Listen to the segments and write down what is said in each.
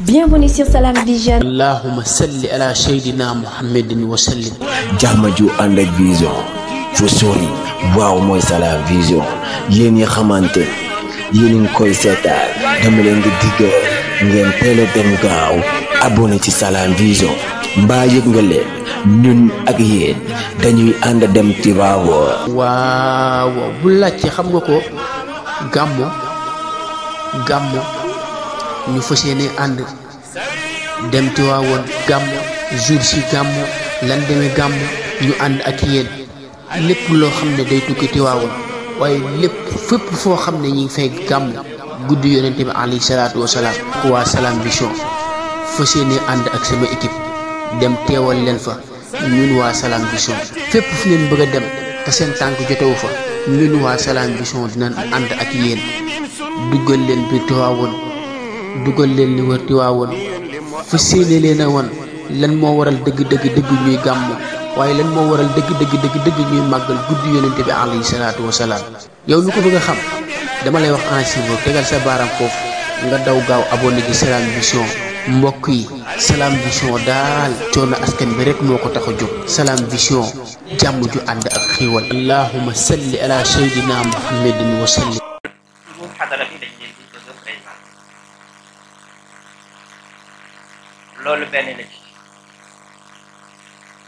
Bienvenue sur Salam Vision. allahumma salli ala sayyidina muhammadin wa ju ànd ak vision fu sori waaw mooy Salam Vision yéen xamante yéen koy seetaan dama leen di digal ngeen teel dem gaaw abonné ci Salam Vision mbaa yëg nga leen ñun ak yéen dañuy ànd dem ci waaw. waaw bu laajte xam nga ko gàmmu gàmmu. ñu fas yéene ànd dem Tiwaawoon gàmm jour si gàmm lan demee gàmm ñu ànd ak yéen lépp loo xam ne day tukki Tiwaawoon waaye lépp fépp foo xam ne ñi ngi fay gàmm guddi yonente bi alayhi salaatu wasalaam ku waa Salam Vision fas yéene ànd ak sama équipe dem teewal leen fa ñun waa Salam Vision fépp fu ngeen bëgg a dem te seen tànk jotewu fa ñun waa Salam Vision dinañ ànd ak yéen duggal leen biir Tiwaawoon dugal leen li wër Tiwaawoon fa séene leen a lan moo waral dëgg-dëgg dëgg ñuy gàmmu waaye lan moo waral dëgg dëgg dëgg dëgg ñuy màggal guddi yonente bi alayhi salaatu wasalaam yow lu ko bëgg xam dama lay wax en suivant sa baaram foofu nga daw gaaw abonné ci Salam Vision mbokk yi Salam Vision daal coono askan bi rek moo ko tax a jóg Salam Vision jàmm ju ànd ak xiiwal allahuma salli ala sayyidina muhammadin wa sallim loolu benn la ci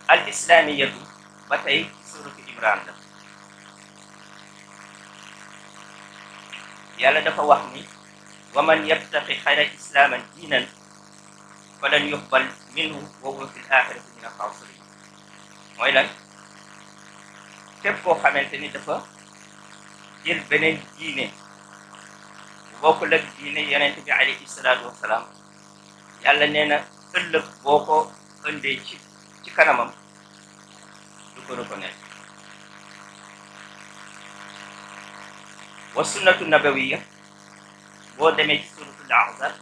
al islamiyatu ba tey suratu imran la yàlla dafa wax ni wa man yabtaxi xayra islaaman diinan falan yuqbal minhu wa huwa fi l axirati min mooy lan képp koo xamante ni dafa jël beneen diine bokkul ak diine yonent bi alayhi salaatu wasalaam yàlla nee ëllëg boo ko ëndee ci ci kanamam du ko reconnaître wa sunnatu nabawiya boo demee ci suratul ahzab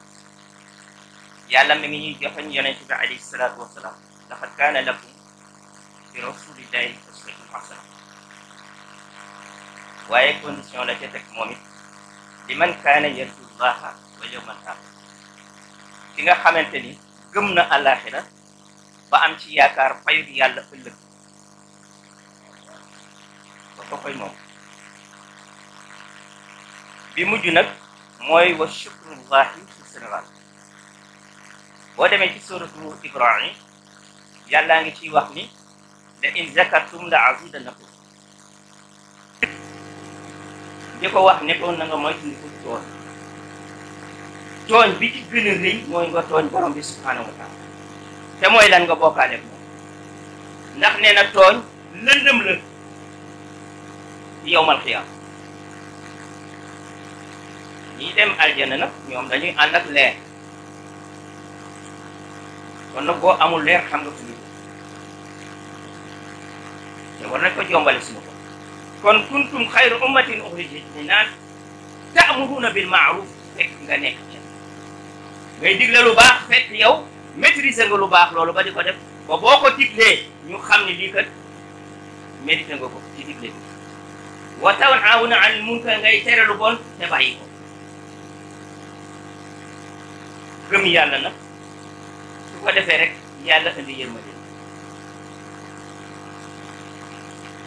yàlla mi ngi ñuy joxoñ yonente bi alayhi salaatu wasalaam laqad kaana lakum fi condition la ca teg moom li man kaana yarju llaha wal yawmal axir ki nga ni gëm na àllaaxira ba am ci yaakaar fayut yàlla ëllëg ba ko koy moom bi mujj nag mooy wa shukrullahi fi Sénégal boo demee ci suratu Ibrahim yàllaa ngi ciy wax ni la in la azidanakum di ko wax ne ko na nga moytu ndi ko tooñ bi ci gën a mooy nga tooñ borom bi subhaanahu wa taala te mooy lan nga bokkaale moom ndax nee na tooñ lëndëm la yowmal xiyaam ñi dem aljana nag ñoom dañuy ànd ak leer kon nag boo amul leer xam nga fi te war nañ ko jombale suñu kon kuntum xayru ummatin uxrijat linnaas ta'muruna bil ma'ruf fekk nga nekk ngay digle lu baax fekk yow maîtriser nga lu baax loolu ba di ko def ba boo ko diglee ñu xam ne lii kat mérité nga ko ci digle bi wa tanhawna anil munkar ngay tere lu bon te bàyyi ko gëm yàlla nag su ko defee rek yàlla indi yërmande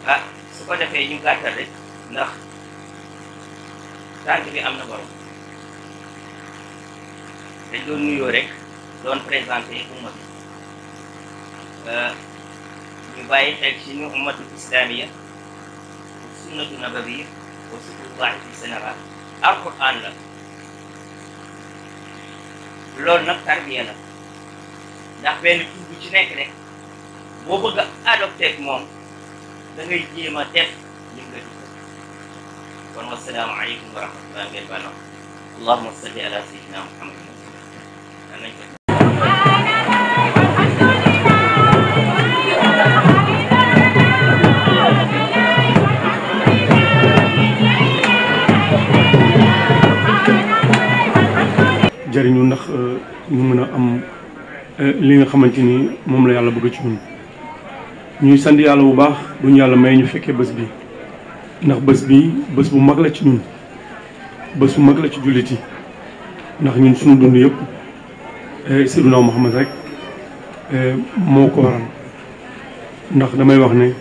ah su ko defee ñu gàttal rek ndax tànk bi am na borom dañ doon nuyoo rek doon présenté umma bi euh, ñu bàyyi xel ci ni ummatul islamiya sunnatu nabawiya wa sunnatullah fi Sénégal alquran la loolu nag tarbiya la ndax benn tur bu ci nekk rek boo bëgg a adopté ak moom da ngay jéem a def li nga di kon wasalaamu aleykum wa rahmatullah ngeen baal allahuma salli ala sayyidina muhammad jariñu ndax euh, ñu mën a am euh, li nga xamante ni moom la yàlla bëgg ci ñun ñuy sant yàlla bu baax duñu yàlla may ñu fekkee bés bi ndax bés bi bés bu mag la ci ñun bés bu mag la ci jullit ndax ñun suñu dund yëpp Eh, Seydina Muhammad rek eh, moo ko waral ndax damay wax ne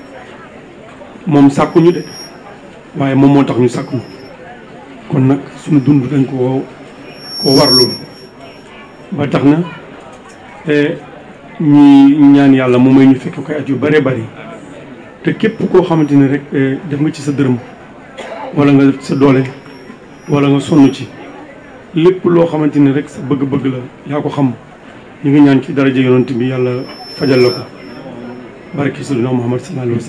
moom sàkkuñu de waaye moom moo tax ñu sàkkuñu kon nag suñu dund dañ koo koo warlu ba tax na eh, ñi ñaan yàlla mu may ñu fekk koy at yu bare bari te képp koo xamante ni rek def nga ci sa dërëm wala nga def sa doole wala nga sonn ci lépp loo xamante ni rek sa bëgg-bëgg la yaa ko xam ñu ngi ñaan ci daraja yonent bi yàlla fajal la ko barki sayyidina Muhammad sallallahu alayhi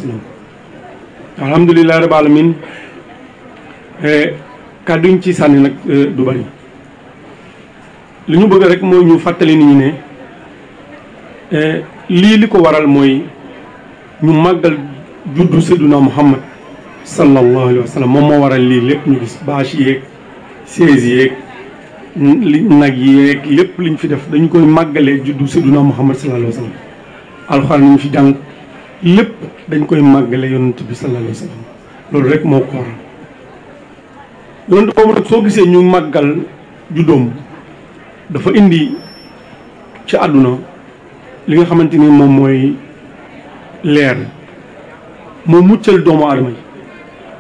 wa sallam alamin eh, kàddu ñu ci sànni nag eh, du bari li ñu bëgg rek mooy ñu fàttali nit ñi ne eh, lii li ko waral mooy ñu màggal juddu sayyidina Muhammad sallallahu alayhi wa sallam moom moo waral lii lépp ñu gis bâche yeeg chaise yeeg li nag yi rek lépp liñ fi def dañu koy màggalee juddu Seydina Muhammad sallallahu alayhi wa sallam alxuraan nañu fi jàng lépp dañ koy màggale yonent bi sallallahu alayhi wa loolu rek moo ko waral yonent boobu nag soo gisee ñu màggal juddoom dafa indi ci àdduna li nga xamante ni moom mooy leer moo muccal doomu adama yi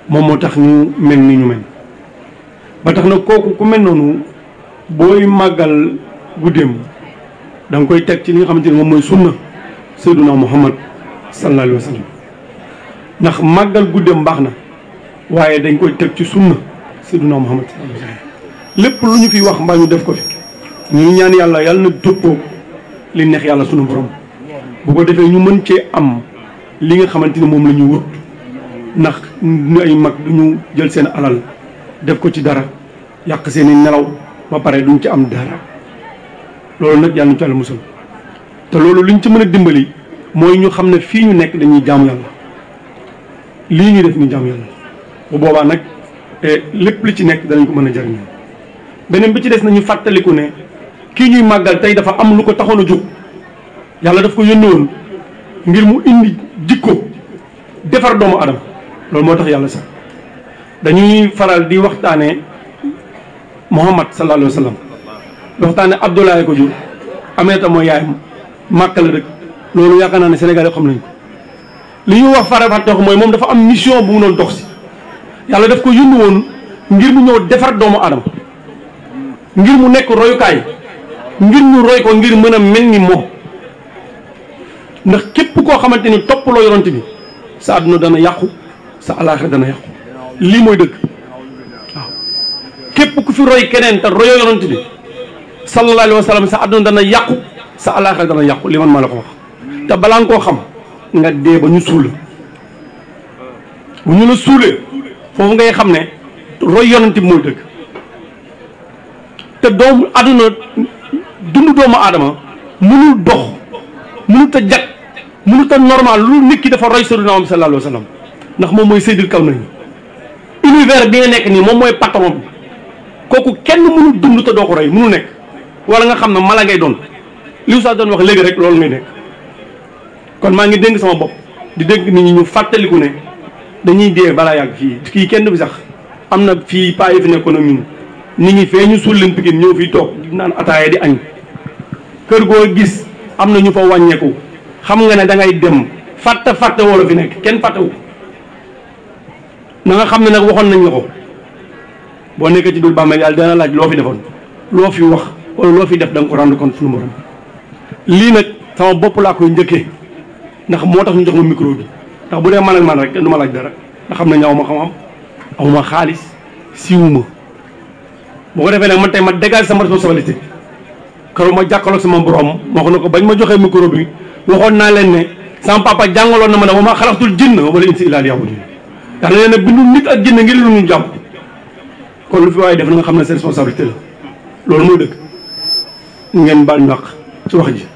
moom moo tax ñu mel ni ñu mel ba tax na kooku ku mel noonu booy màggal guddeem da nga koy teg ci li nga xamante ni moom mooy sunna sayyiduna muhammad sallallahu alayhi wa sallam ndax màggal guddeem baax na waaye dañ koy teg ci sunna sayyiduna muhammad sallallahu lépp lu ñu fi wax mbaa ñu def ko fi ñu ñaan yàlla yàlla na dëppoo li neex yàlla sunu borom bu ko defee ñu mën cee am li nga xamante ni moom la wut ndax ñu ay mag du jël seen alal def ko ci dara yàq seen i nelaw ba pare duñ ci am dara loolu nag yàlla ñu ci àll te loolu liñ ci mën a dimbali mooy ñu xam ne fii ñu nekk dañuy jaamu yàlla lii ñuy def ñu jaamu yàlla bu boobaa nag eh, lépp li ci nekk danañ ko mën a jariñoo beneen bi ci des nañu fàttaliku ne kii ñuy màggal tey dafa am lu ko taxoon a jóg yàlla daf ko yónni woon ngir mu indi jikko defar doomu adama loolu moo tax yàlla sax dañuy faral di waxtaanee Muhammad sallallahu alayhi wa sallam dafa tax ne Abdoulaye ko jur Aminata mooy yaay màkk la dëkk loolu yaakaar naa ne Sénégal yi xam nañ ko li ñuy wax farafat mooy moom dafa am mission bu mu doon dox si yàlla daf ko yëndu woon ngir mu ñëw defar doomu aadama ngir mu nekk royukaay ngir mu roy ko ngir mën a mel ni moom ndax képp koo xamante ni toppaloo yonent bi sa àdduna dana yàqu sa alaaxira dana yàqu lii mooy dëgg képp ku fi roy keneen te royoo yonent bi sallallahu alayhi sa àdduna dana yàqu sa alaaxira dana yàqu li man ma la ko wax te balaa nga koo xam nga dee ba ñu suul bu ñu la suulee foofu ngay xam ne roy yonent bi mooy dëgg te doomu àdduna dund doomu aadama mënul dox mënut a jag mënut a normal lu nit ki dafa roy sayyidina Muhammad sallallahu alayhi wa sallam ndax moom mooy seydil kaw nañu univers bi nga nekk nii moom mooy patron bi kooku kenn mënul dund te doo ko rey mënul nekk wala nga xam ne mala ngay doon lu Oustaz doon wax léegi rek loolu ngay nekk kon maa ngi dénk sama bopp di dénk nit ñi ñu fàttaliku ne dañuy dee balaa yàgg fii kii kenn du sax am na fii paa yi fi nekkoon ak ñun nit ñi fee ñu suul leen Pikine ñëw fii toog di naan ataaya di añ kër goo gis am na ñu fa wàññeeku xam nga ne dangay ngay dem fàtte fàtte wala fi nekk kenn fàttewu na nga xam ne nag waxoon nañ la ko boo nekkee ci biir bàmmeel yàlla dana laaj loo fi defoon loo fi wax wala loo fi def da nga ko rendre compte suñu borom lii nag sama bopp laa koy njëkkee ndax moo tax ñu jox ma micro bi ndax bu dee man ak man rek kenn ma laaj dara xam ne ñaw ma xam-xam amuma xaalis siwuma boo defee nag man tey ma dégage sama responsabilité keroog ma jàkkaarloog sama borom ma wax ne ko bañ ma joxee micro waxoon naa leen ne sama papa jàngaloon na ma ne wa ma xalaxtul jinna wala insi illaa liya'budun ndax ne leen ne bindu nit ak jinne ngir lu ñu jàpp kon lu fi waaye def na nga xam ne sa responsabilité la loolu mooy dëgg ngeen baal ñu ci wax ji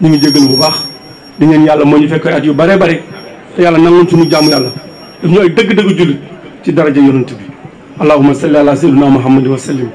ñu ngi jégalu bu baax di ngeen yàlla moo ñu fekk at yu bare bare te yàlla nangoon suñu jaamu yàlla daf ñu ay dëgg-dëgg jullit ci daraja yonent bi allahumma salli ala sayyidina muhammadin wa sallim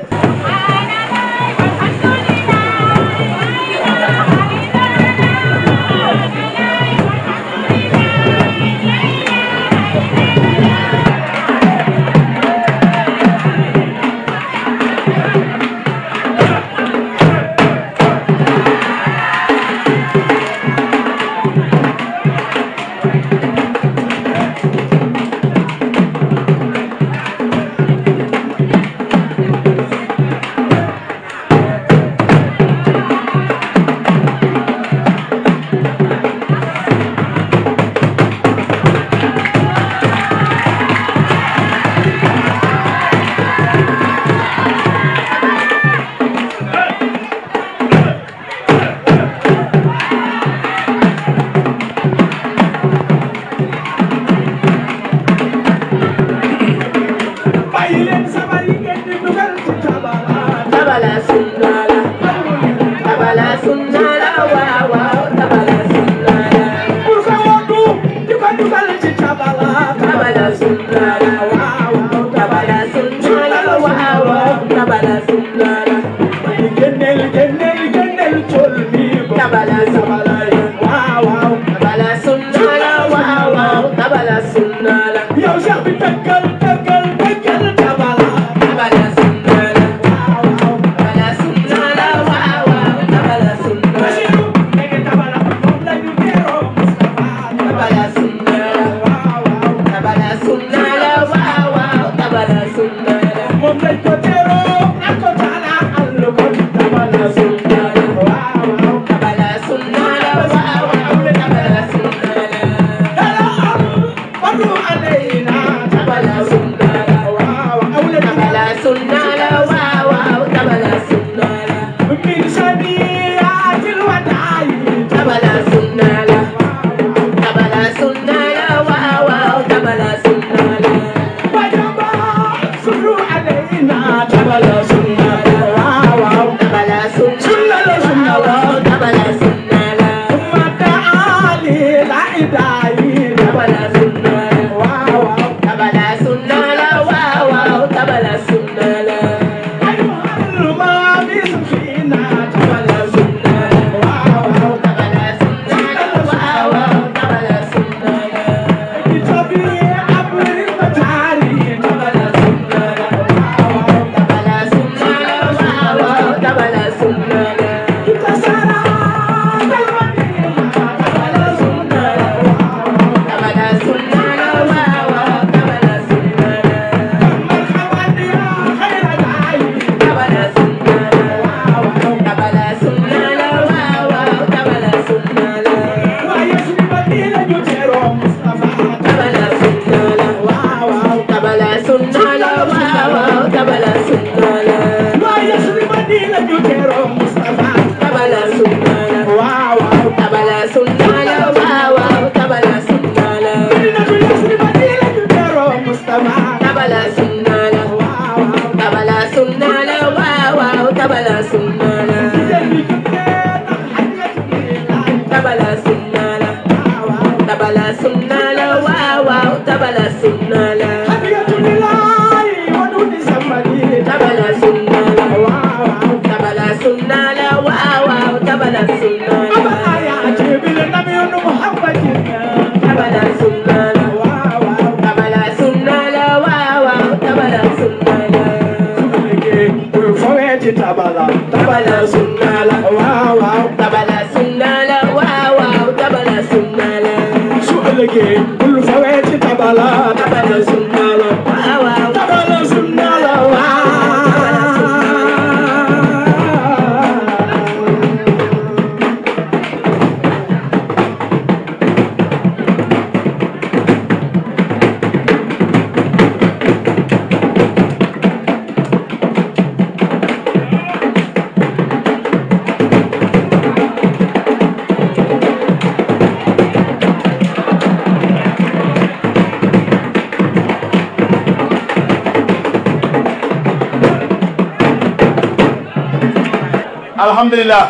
alhamdulilah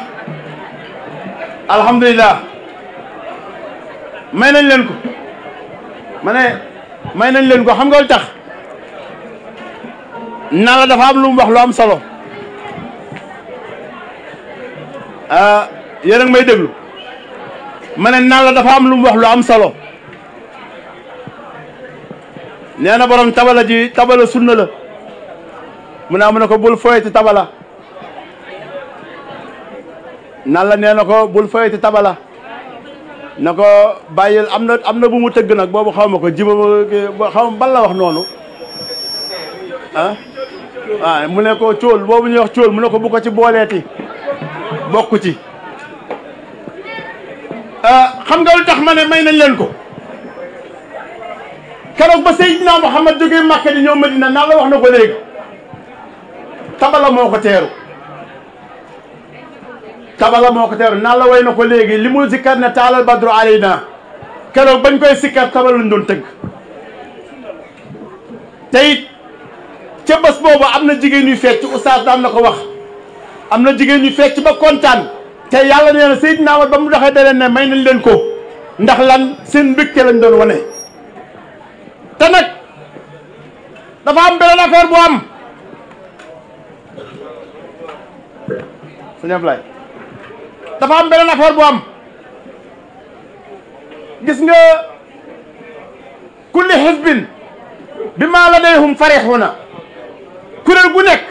alhamdulilah may nañ leen ko ma may nañ leen ko xam nga lu tax na la am lu mu wax lu am solo ah, yéen a ngi may déglu ma ne na la am lu mu lu am solo nee na borom tabala ji tabala sunna la mu ne am na ko bul foyeti tabala nan la nee na ko bul fayati tabala na ko bàyyil am na am na bu mu tëgg nag boobu xaw ko jiba xaw ban la wax noonu ah waaw ah, mu ne ko cóol boobu ñuy wax cóol mu ne ko bu ko ci booleeti bokk ci ah, xam nga lu tax ma ne may nañ leen ko keroog ba Seydina Muhammad a Màkka di ñëw Madina nan la wax na ko léegi tabala moo ko teeru tabala moo ko teeru nan la way na ko léegi li mu zikkar ne taalal badru alayna keroog bañ koy sikkar tabala doon tëgg te it ca bés boobu am na jigéen ñuy fecc oustaz daan na ko wax am na jigéen ñuy fecc ba kontaan te yàlla nee na Seydina ba mu doxee da ne may nañ leen ko ndax lan seen mbégte lañ doon wane te nag dafa am beneen affaire bu am dafa am beneen affaire bu am gis nga kulli xisbin bi maa na farixuuna kuréel gu nekk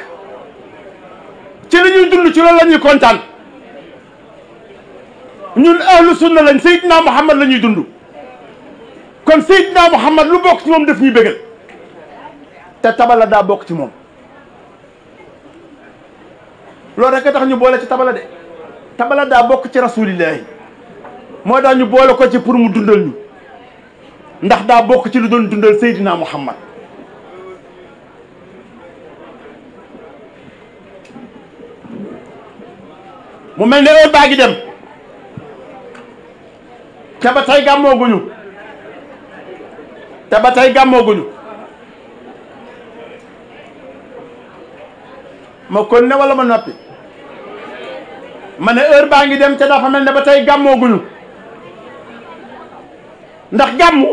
ci li ñuy dund ci loolu la ñuy kontaan ñun ahlu sunna lañ Seydina Muhammad la ñuy dund kon Seydina Muhammad lu bokk ci moom def ñuy bëggal te tabala daa bokk ci moom loolu rek tax ñu boole ci tabala de te bala daa bokk ci rasulillahi moo daa ñu boole ko ci pour mu dundal ñu ndax daa bokk ci lu doon dundal Seydina Muhammad mu mel ne heure baa ngi dem te ba ñu gàmmooguñu te ba tey gàmmooguñu ma kon ne ma noppi ma ne heure baa ngi dem te dafa mel ne ba tey gàmmooguñu ndax gàmm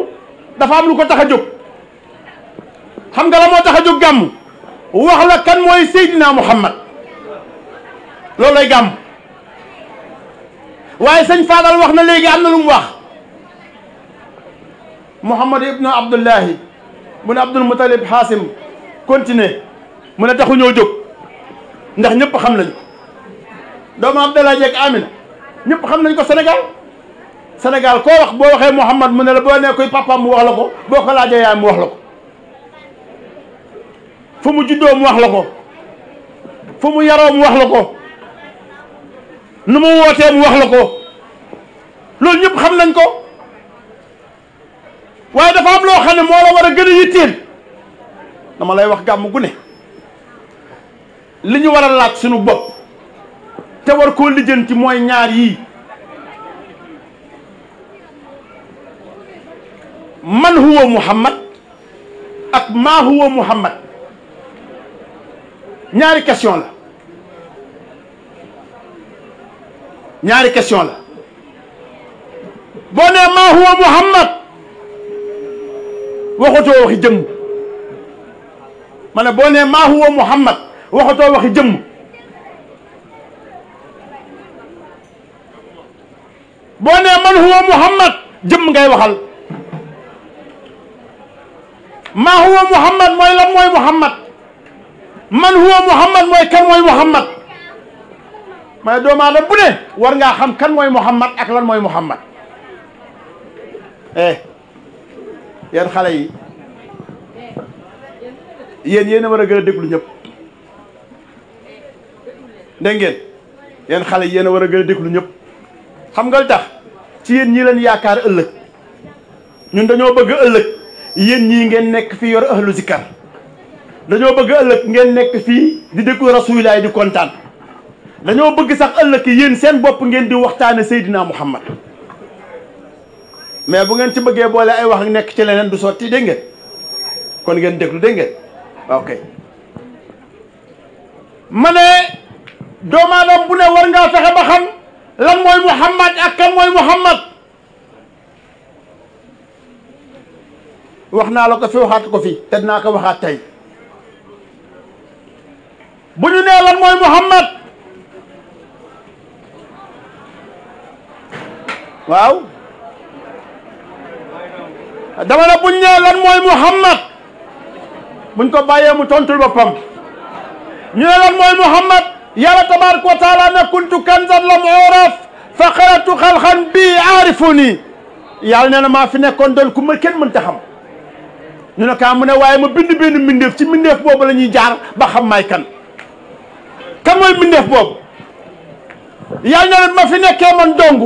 dafa am lu ko tax a jóg xam nga la moo tax a jóg gàmm wax la kan mooy Seydina Muhammad loolu lay gàmm waaye sëñ Fadal wax na léegi am na lu mu wax Muhammad ibnu Abdullahi mu ne Abdul Mutalib Xaasim continuer mu ne taxu ñoo jóg ndax ñëpp xam nañu doomu Abdoulaye Diack Amina ñépp xam nañ ko Sénégal Sénégal koo wax boo waxee Mouhamad mu ne la boo nekkoy papaam mu wax la ko boo ko laajee yaay mu wax la ko fu mu juddoo mu wax la ko fu mu yaroo mu wax la ko nu mu wootee mu wax la ko loolu ñëpp xam nañ ko waaye dafa am loo xam ne moo la war a gën a yitteel dama lay wax gàmm gu li ñu war a laaj sunu bopp te war koo lijjanti mooy ñaar yii man huwa muhammad ak maa huwa muhammad ñaari question la ñaari question la boo nee maa huwa muhammad waxatoo waxi jëmm ma ne boo nee maa huwa muhammad waxatoo waxi jëmm boo nee man huwa muhammad jëmm ngay waxal maa huwa muhammad mooy lan mooy muhammad man huwa muhammad mooy kan mooy muhammad may doomu aadama bu ne war ngaa xam kan mooy muhammad ak lan mooy muhammad eh yéen xale yi yéen yéen a war a gën a déglu ñëpp dégg ngeen yéen xale yi yéen a war a gën a déglu ñëpp xam nga li tax ci yéen ñi leen yaakaar ëllëg ñun dañoo bëgg ëllëg yéen ñii ngeen nekk fii yor ahlu zikkar dañoo bëgg ëllëg ngeen nekk fii di déglu rasulilaay di kontaan dañoo bëgg sax ëllëg yéen seen bopp ngeen di waxtaane Seydina Muhammad mais bu ngeen ci bëggee boole ay wax ak nekk ci leneen du sotti dégg ngeen kon ngeen déglu dégg ngeen waaw kay ma ne bu ne war ngaa fexe ba xam lan mooy Muhammad ak kan mooy Muhammad wax naa la ko fi waxaat ko fi te dinaa ko waxaat tey bu ñu nee lan mooy Muhammad waaw dama ne bu ñu nee lan mooy Muhammad buñ ko bàyyee mu tontul boppam ñu ne lan mooy Muhammad yàlla tabaaraka wa taala ne kuntu kanzan lam uraf fa xalaqtu bi aarifuni yàlla nee na maa fi nekkoon doon ku ma kenn mënta xam ñu ne ah, mu ne waaye ma bind benn mbindeef ci mbindeef boobu la ñuy jaar ba xam maay kan kan mooy boobu yàlla nee ma fi nekkee man dong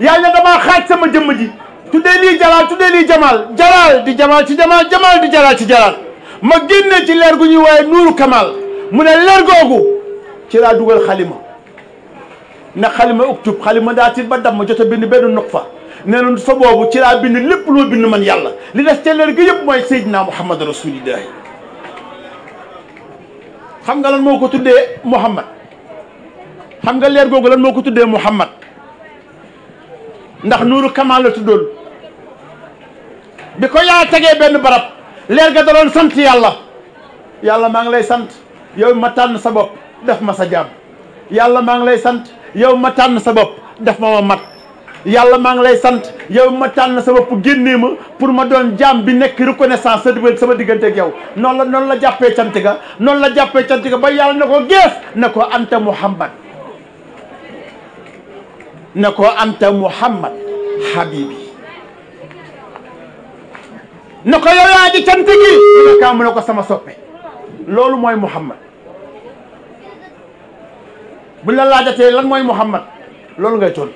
yàlla ne damaa xaaj sama jëmm ji tuddee lii jalaal tuddee lii jamaal jalaal di jamaal ci jamaal jamaal di jalaal ci jalaal ma génne ci leer gu ñuy waaye nuuru kamal mu ne leer googu ci laa dugal xalima na xalima uktub xalima daa tiit ba dam ma jot a benn noq fa nee na fa boobu bind lépp loo bind man yàlla li des ca leer gi yëpp mooy Seydina Muhammad rasulillahi xam nga lan moo ko tuddee Muhammad xam nga leer googu lan moo ko tuddee Muhammad ndax nuuru kamal la tuddoon bi ko yaa tegee benn barab leer nga da sant yàlla yàlla maa ngi lay sant yow ma tànn sa bopp def ma sa jàmm yàlla maa ngi lay sant yow ma tànn sa bopp def ma ma mat yàlla maa ngi lay sant yow ma tànn sa bopp génnee ma pour ma doon jaam bi nekk reconnaissance sa diggante sama digganteeg yow noonu la noon la jàppee cant ga noonu la jàppee cant ga ba yàlla na ko gees na ko ante muhammad na ko ante muhammad habibi na ko yow yaa ji cant gi ah, mu ne ko sama soppe loolu mooy muhammad buñ la laajatee lan mooy Muhammad loolu ngay tool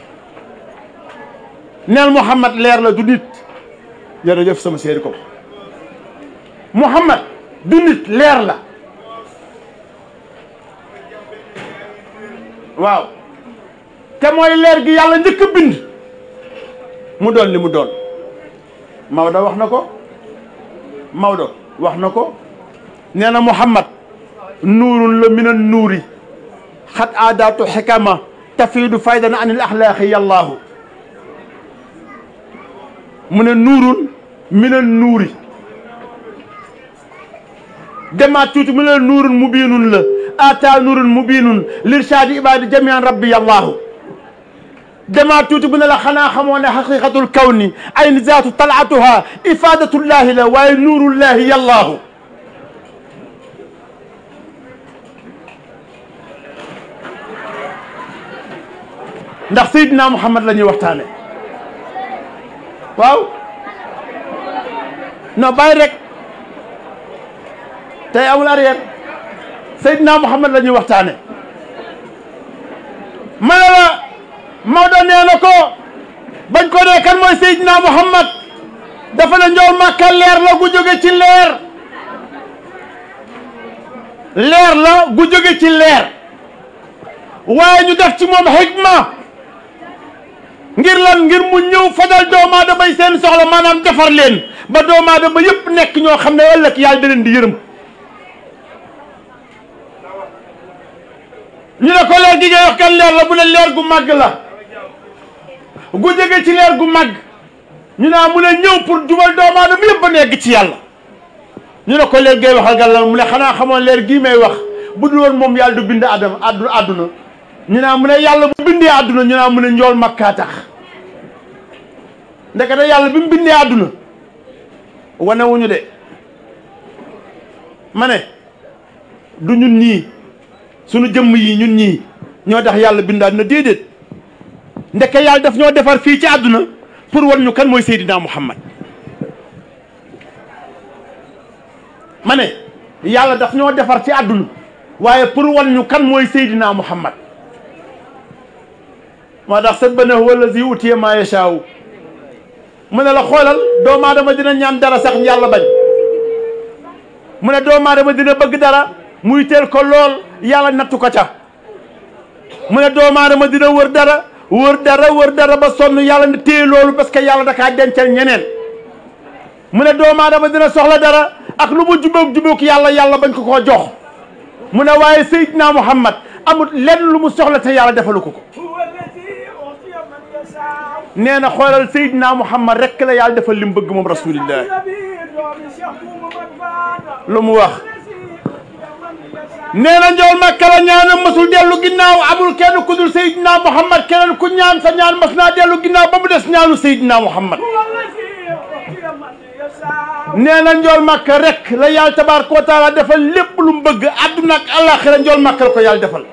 neel Muhammad leer la du nit jërëjëf sama séeri ko Muhammad du nit leer la waaw te mooy leer gi yàlla njëkk a bind mu doon li mu doon Maodo wax na ko Maodo wax na ko nee na Muhammad nuurun la minan nuuri xat aadaatu xikama tafiidu faydan an il axlaaqi yallaahu mu ne nuurun minal nuuri demaat tuuti mu ne nuurun mubiinun la aataa nuurun mubiinun lirshaadi ibaadi jamian rabbi yallaahu demaat tuuti mu ne la xanaa xamoo ne xaqiqatul kawni ayn zaatu talaatuha ifaadatullaahi la waaye nuurullaahi yallaahu ndax Seydina Muhammad la ñuy waxtaane waaw non bàyyi rek tey amul arrière Seydina Muhammad la ñuy waxtaane ma la Maodo nee na ko bañ ko ne kan mooy Seydina Muhammad dafa ne njool màkka leer la gu jóge ci leer leer la gu jóge ci leer waaye ñu def ci moom xikma ngir lan ngir mu ñëw fajal doomu aadama seen soxla maanaam defar leen ba doomu aadama yëpp nekk ñoo xam ne ëllëg yàlla da leen di yërëm ñu ne ko leer gi ngay wax kan leer la bu ne leer gu màgg la gu jege ci leer gu màgg ñu naa ah mu ne ñëw pour jubal doomu aadama yëpp nekk ci yàlla ñu ne ko leer gay waxal gan la mu ne xanaa xamoon leer gii may wax bu dul woon moom yàlla du bind adama addu àdduna ñu naa mu ne yàlla bu bindee àdduna ñu naa mu ne njool makkaa tax ndekete yàlla bi mu bindee àdduna wanewuñu de mane ne du ñun ñii sunu jëmm yi ñun ñii ñoo tax yàlla bind àdduna déedéet ndeke yàlla daf ñoo defar fii ci àdduna pour wan ñu kan mooy Seydina Muhammad ma ne yàlla daf ñoo defar ci àdduna waaye pour wan ñu kan mooy Seydina Muhammad moo tax seen bëne wala si utiye maa yashaaw mu ne la xoolal doomu aadama dina ñaan dara sax yàlla bañ mu ne doomu aadama dina bëgg dara mu teel ko lool yàlla nattu ko ca mu ne doomu aadama dina wër dara wër dara wër dara ba sonn yàlla na téye loolu parce que yàlla da kaa dencal ñeneen mu ne doomu aadama dina soxla dara ak lu mu jubóog jubóog yàlla yàlla bañ ko koo jox mu ne waaye Seydina Muhammad amul lenn lu mu soxla te yàlla defalu ko ko nee na xoolal Seydina Muhammad rek la yàlla defal li mu bëgg moom rasulillah lu mu wax nee na njool Makka la ñaanam masul dellu ginnaaw amul kenn ku dul Seydina Muhammad keneen ku ñaan sa ñaan mas naa dellu ginnaaw ba mu des ñaanu Seydina Muhammad nee na njool Makka rek la yàlla tabaaraka wa taala defal lépp lu mu bëgg àdduna ak àllaaxira njool Makka la ko yàlla defal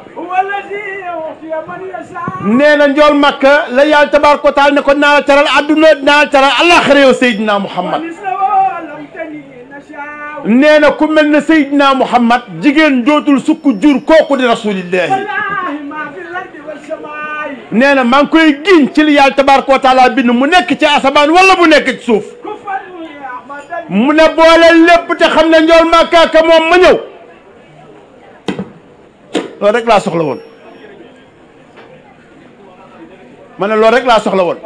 nee na njool makka la yàlla tabaaraka wa taala ne ko naa la teral àdduna naa la teral àllaaxira yow Seydina Muhammad nee na ku mel ne Seydina Muhammad jigéen dootul sukk jur kooku di rasulillahi nee na maa ngi koy giñ ci li yàlla tabaaraka wa taala bind mu nekk ci asamaan wala mu nekk ci suuf mu ne boole lépp te xam ne njool makka ka moom ma ñëw loolu rek laa soxla woon ma ne loolu rek laa soxla woon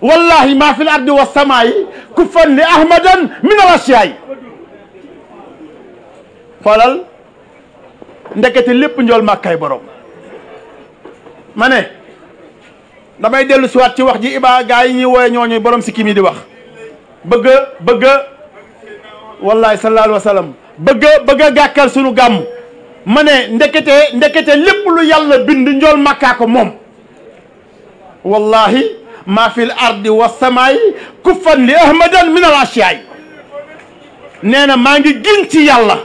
wallahi maa fi l ardi wa samaayi ku fan li ahmadan min arasiyaay xoolal ndekete lépp njool màkkay borom ma ne damay dellu si siwaat ci wax ji ibaa gaa yi ñuy wooye ñooñu boroom si kim yi di wax bëgg bëgg wallahi sallallahu alayhi wa sallam gàkkal sunu gàmm ma ne ndekete ndekete lépp lu yàlla bind njool màkkaa ko moom wallahi maa fi l ardi wa samaay kuffan li ahmadan min al asiyaay nee na maa ngi gën ci yàlla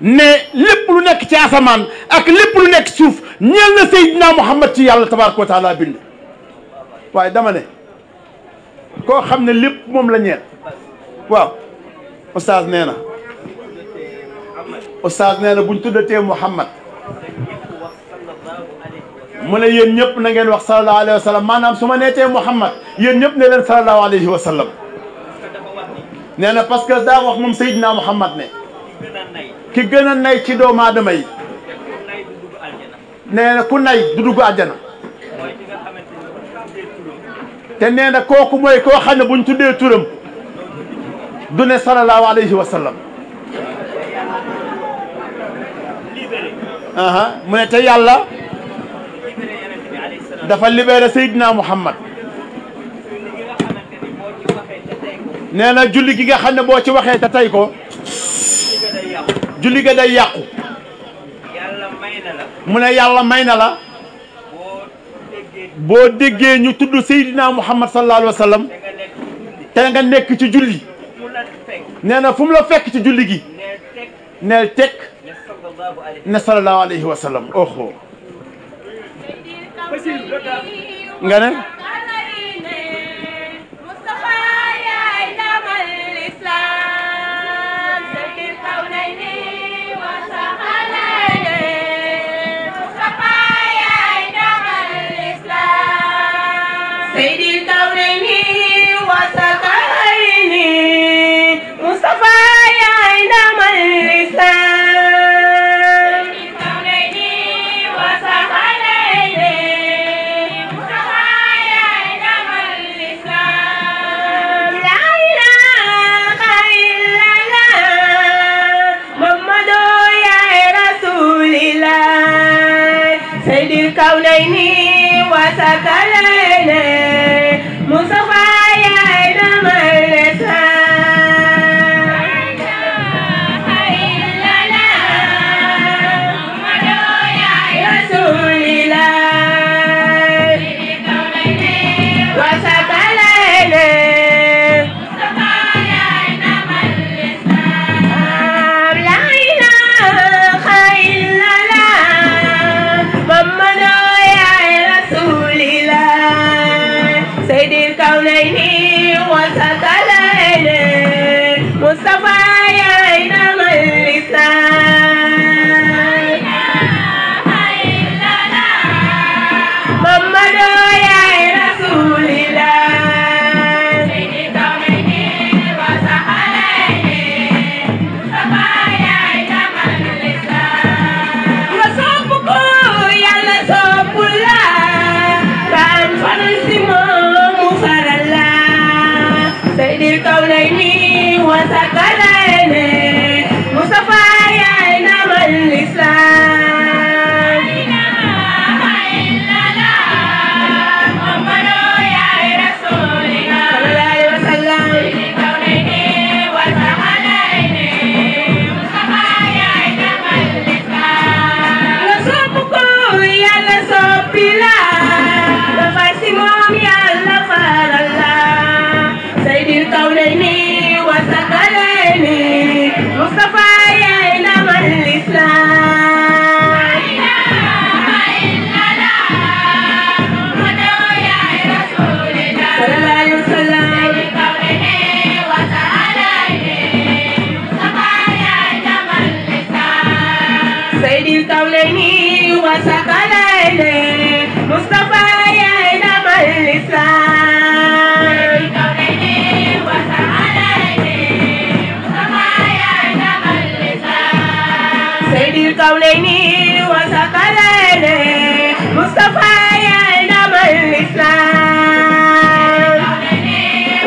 ne lépp lu nekk ci asamaan ak lépp lu nekk suuf ñeel na Seydina Muhammad ci yàlla tabaraka wa taala bind waaye dama ne koo xam ne lépp moom la ñeel waaw oustaz nee na oustaz nee na buñ tuddatee Muhammad mu ne yéen ñëpp na ngeen wax sallallahu alayhi wa sallam maanaam su ma neetee Muhammad yéen ñëpp ne leen sallallahu alayhi wa nee na parce que daa wax mu Seydina Muhammad ne ki gën a nay ci doomu aadama yi nee na ku nay du dugg àjjana te nee na kooku mooy koo xam ne buñ tuddee turam du ne sallallahu alayhi wa mu ne te yàlla dafa libéré Seydina Muhammad nee na julli gi nga xam ne boo ci waxee te tey ko julli ga day yàqu mu ne yàlla may na la boo déggee ñu tudd Seydina Muhammad sallallahu alayhi wa te nga nekk ci julli nee na fu mu la fekk ci julli gi neel tekk ne sallallahu alayhi wa nga ne Lady, don't سكليلي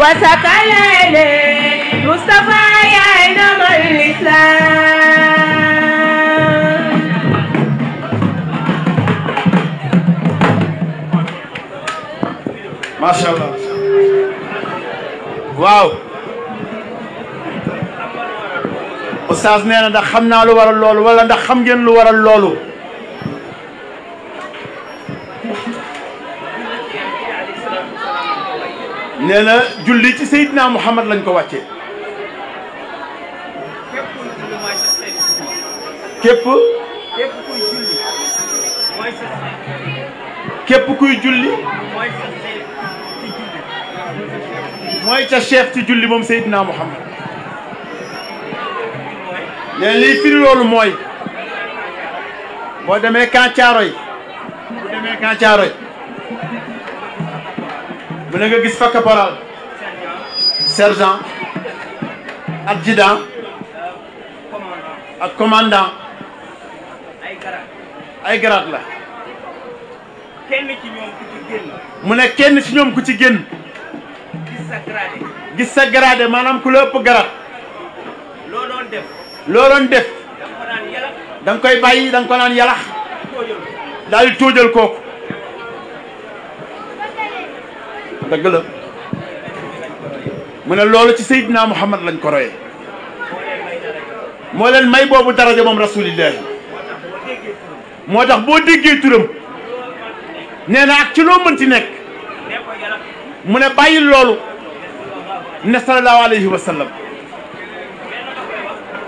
وسكن إليه مصطفى يعلم الإسلام ما شاء الله waaw Oustaz nee na ndax xam naa lu waral loolu wala ndax xam ngeen lu waral loolu nee na julli ci Seydina Muhammad lañ ko wàccee képp képp kuy julli mooy ca chef ci julli moom Seydina Muhammad nee na liy loolu mooy boo demee Kàncaaroy bu demee Kàncaaroy mu ne nga gis fa caporal sergent adjudant ak commandant ay grade la mu ne kenn ci ñoom ku ci génn gis sa grade gis sa grade ku la ëpp grade loo doon def loo def da koy bàyyi da ko naan yalax daal di kooku dëgg mu ne loolu ci Seydina Muhammad lañ ko royee moo leen may boobu daraja moom rasulillahi moo tax boo déggee turam nee na ak ci loo mënti nekk mu ne bàyyi loolu ne sallallahu alayhi wa sallam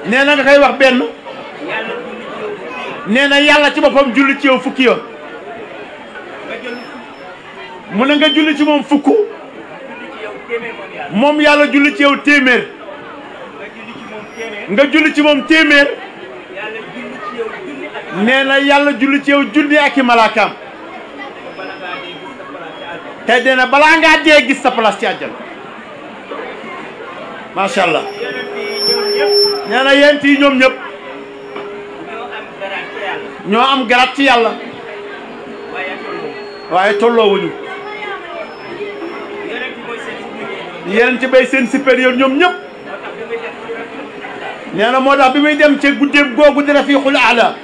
nee na nga koy wax benn nee na yàlla ci boppam julli ci yow fukki yoon mu ne nga julli ci moom fukk moom yàlla julli ci yow téeméer nga julli ci moom téeméer nee na yàlla julli ci yow junni ak i malaakaam te dee na balaa ngaa dee gis sa place ci àjjal macha allah nee na yent ñoom ñëpp ñoo am garat ci yàlla waaye tolloowuñu yéen ci bay seen supérieur ñoom ñëpp nee na moo tax bi muy dem ci guddeeb googu di rafiqul aala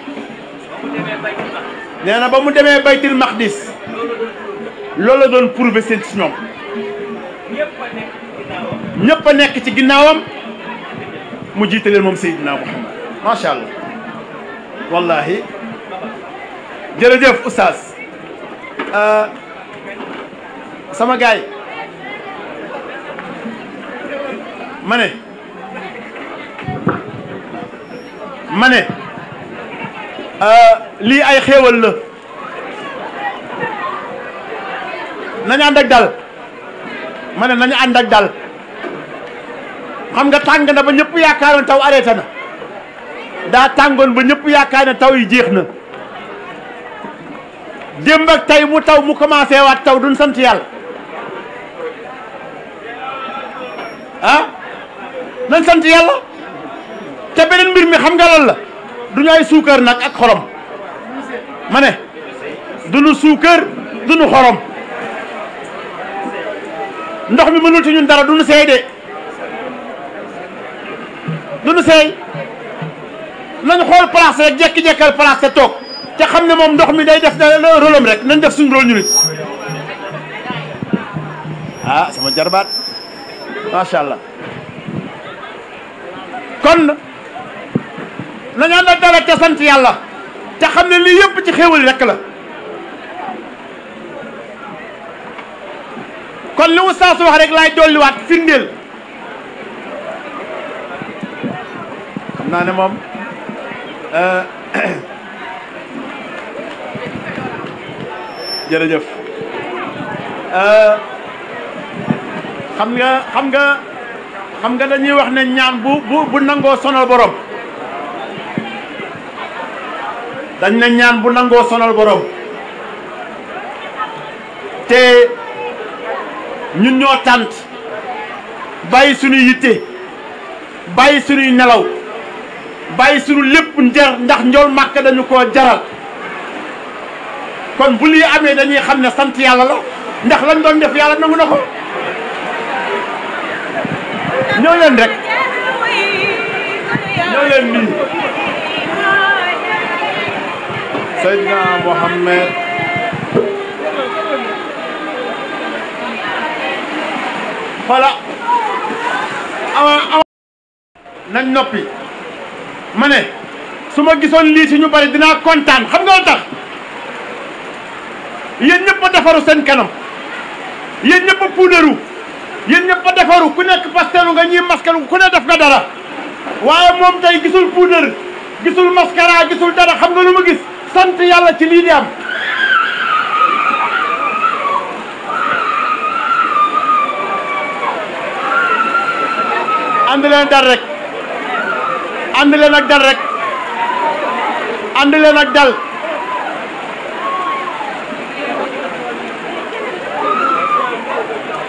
nee na ba mu demee baytil maqdis loola doon prouvé seen ci ñoom ñëpp a nekk ci ginnaawam mu jiite leen moom Seydina Muhammad macha allah wallahi jërëjëf oustaz euh, sama gaay mane mane euh, lii ay xéewal la nañu ànd ak dal ma nañu ànd ak dal xam nga tàng na ba ñëpp yaakaar taw arrêté na daa tàngoon ba ñépp yaakaar ne taw yi jeex na démb ak tey mu taw mu commencé waat taw duñ sant yàlla ah nañ sant yàlla te beneen mbir mi xam nga lan la du ñu ay suukar nag ak xorom ma ne du ñu suukar du ñu xorom ndox mi mënul ci ñun dara du ñu seey de du ñu seey nañ xool place rek jekki-jekkal place te toog te xam ne moom ndox mi day def rôle am rek nañ def suñu rôle ñu nit ah sama jarbaat macha kon nañu la dara te sant yàlla te xam ne li yëpp ci xéewal rekk la kon li oustaz wax rek laay dolliwaat firndeel xam naa ne moom euh, jërëjëf euh, xam nga xam nga xam nga dañuy wax ne ñaan bu bu bu nangoo sonal borom dañ ne ñaan bu nangoo sonal borom te ñun ñoo tànt bàyyi suñu yitte bàyyi suñuy nelaw bàyyi suñu lépp njar ndax njool màkk dañu ko jaral kon bu lii amee dañuy xam ne sant yàlla la ndax lañ doon def yàlla nangu na ko ñëw leen rek ñëw leen nii Seydina Mohamed voilà ama ama nañ noppi ma ne su ma gisoon lii si ñu bari dinaa kontaan xam nga lu tax yéen ñëpp defaru seen kanam yéen ñëpp a yéen ñëpp ba defaru ku nekk pastelu nga ñii maskelu ku ne def nga dara waaye moom tey gisul puudar gisul maskara gisul dara xam nga lu ma gis sant yàlla ci lii di am ànd leen dal rek ànd leen ak dal rek ànd leen ak dal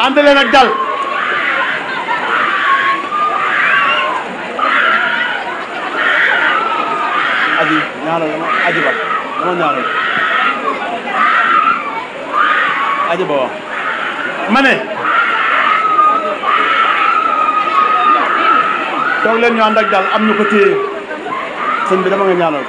ànd leen ak dal ñaanal ma aji ba dama ñaanal aji ba waaw ma toog leen ñu ànd ak daal am ñu ko téye bi dama nga ñaanal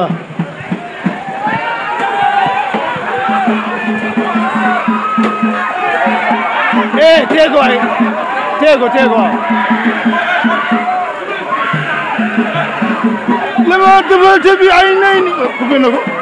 la eh tego ay tego tego lama dabal tabi ay nay ni ko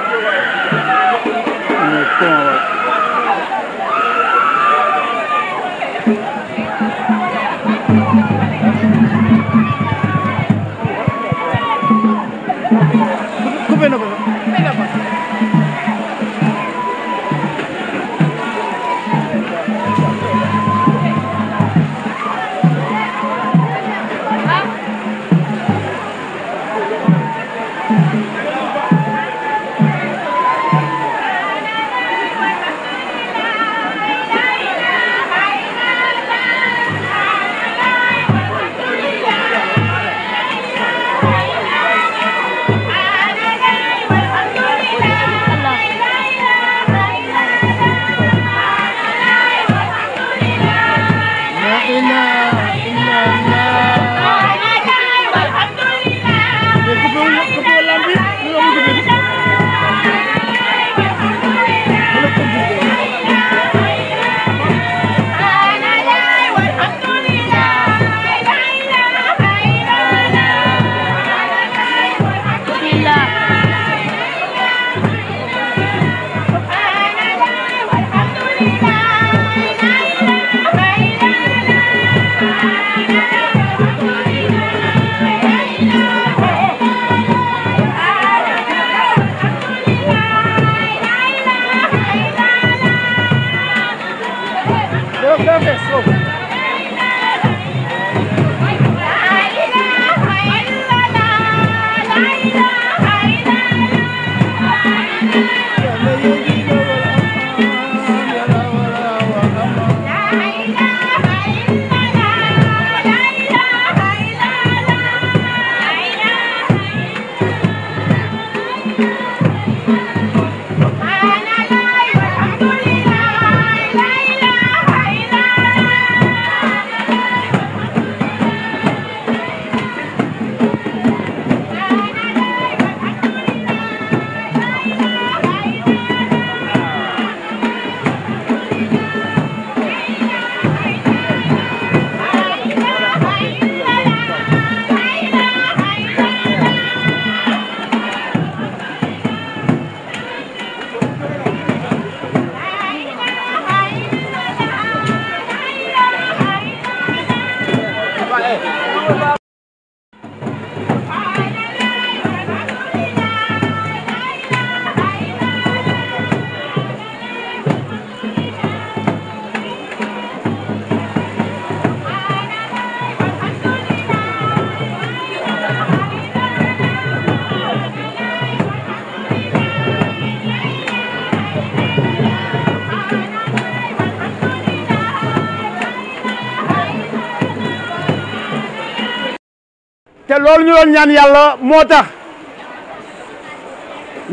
loolu ñu doon ñaan yàlla moo tax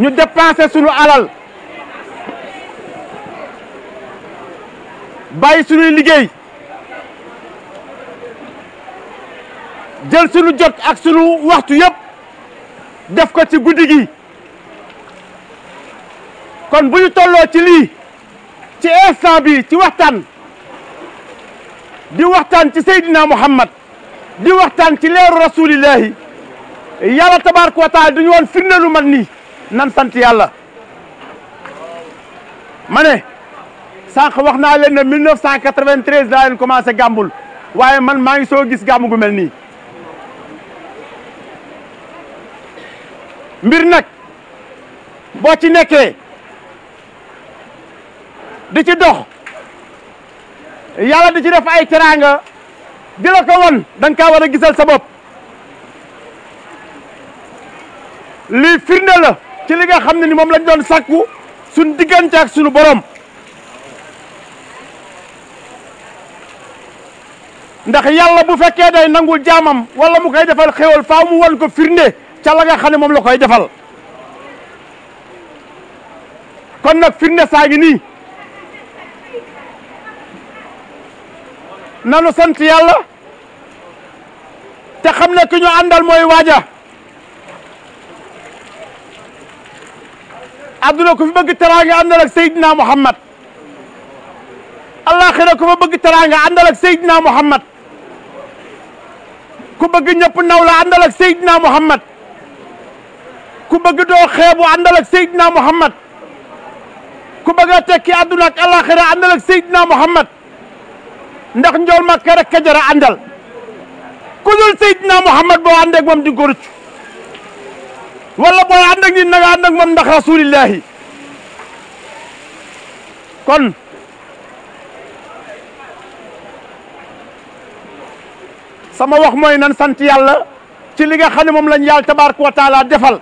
ñu dépensé suñu alal bàyyi suñuy liggéey jël sunu jot ak sunu waxtu yëpp def ko ci guddi gi kon bu ñu tolloo ci lii ci instant bi ci waxtaan di waxtaan ci Seydina Muhammad di waxtaan ci leeru rasulillahi yàlla tabaaraka wa taala dañu woon firnde lu man nii nan sant yàlla ma ne sànq wax naa leen ne 1993 daa leen commencé gàmbul waaye man maa ngi soo gis gàmmu gu mel nii mbir nag boo ci nekkee di ci dox yàlla di ci def ay teraanga di la ko wan da nga kaa war a gisal sa bopp lii firnde la ci li nga xam ne ni moom lañ doon sàkku suñ diggante ak suñu borom ndax yàlla bu fekkee day nangul jaamam wala mu koy defal xéwal faaw mu wan ko firnde ca la nga moom la koy defal kon nag firnde saa ngi nii nanu sant yàlla te xam ne ki ñu mooy waaja adduna ku fi bëgg teraanga àndal ak Seydina Muhammad alaxira ku fa bëgg teraanga àndal ak Seydina Muhammad la àndal ak Seydina Muhammad ku bëgg doo xeebu àndal ak Seydina Muhammad ku bëgg a tekki adduna ak alaxira àndal Muhammad ndax njool makka rek ka jara ku dul Seydina Muhammad boo ànd ak moom di nga ko rëcc wala booy ànd ak na moom ndax rasulillahi kon sama wax mooy nan sant yàlla ci li nga xam ne moom lañ yàlla tabaaraka wa taala defal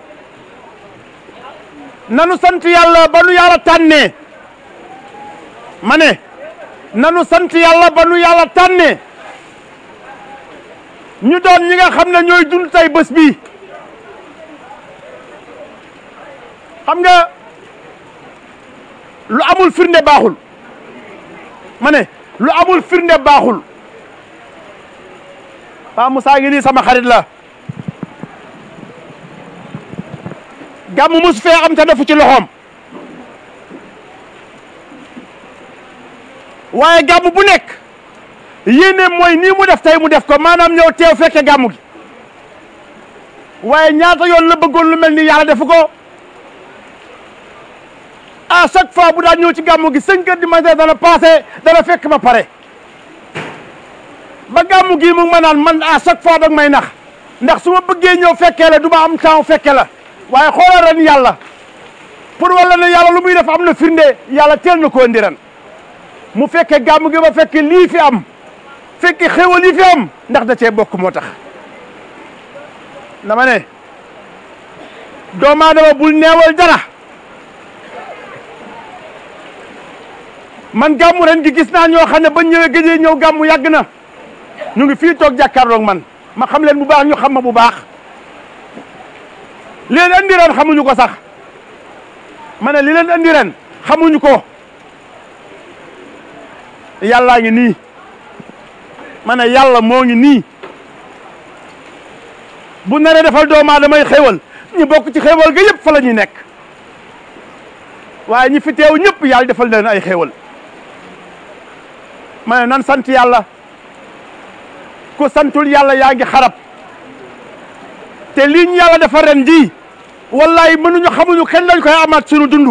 nanu sant yàlla ba yàlla tànnee ma ne nanu sant yàlla ba yàlla tànnee ñu doon ñi nga xam ne ñooy dund tey bés bi xam nga lu amul firnde baaxul ma ne lu amul firnde baaxul Pa Moussa ngi nii sama xarit la gàmmu musu fee xam te defu ci loxoom waaye gàmmu bu nekk yéeneem mooy nii mu def tey mu def ko maanaam ñëw teew fekke gàmmu gi waaye ñaata yoon la bëggoon lu mel ni yàlla defu ko a chaque fois bu daan ñëw ci gàmmu gi cinq heures du matin dana paase dana fekk ma pare ba gàmmu gi mu ma naan man à chaque fois dag may nax ndax su ma bëggee ñëw fekkee la du ma am temps fekke la waaye xoolal yàlla pour wala ne yàlla lu muy def am na firnde yàlla teel na ko di ren mu fekkee gàmmu gi ba fekk lii fi am fekk xéwal yi fi ndax da cee bokk moo tax dama ne doomu aadama bul neewal dara man gàmmu ren gi gis naa ñoo xam ne ba ñëwee gëjee ñëw gàmmu yàgg na ñu ngi fii toog jàkkaarloog man ma xam leen bu baax ñu xam ma bu baax li leen andi ren xamuñu ko sax ma ne li leen andi ren xamuñu ko yàllaa ngi nii ma ne yàlla moo ngi nii bu naree defal doomu aadamay xéwal ñu bokk ci xéwal ga yëpp fa la ñuy nekk waaye ñi fi teew ñëpp yàlla defal leen ay xéwal ma ne nan sant yàlla ku santul yàlla yaa ngi xarab te lii ñu yàlla dafa ren jii wallaay mënuñu xamuñu kenn lañ koy amaat suñu dund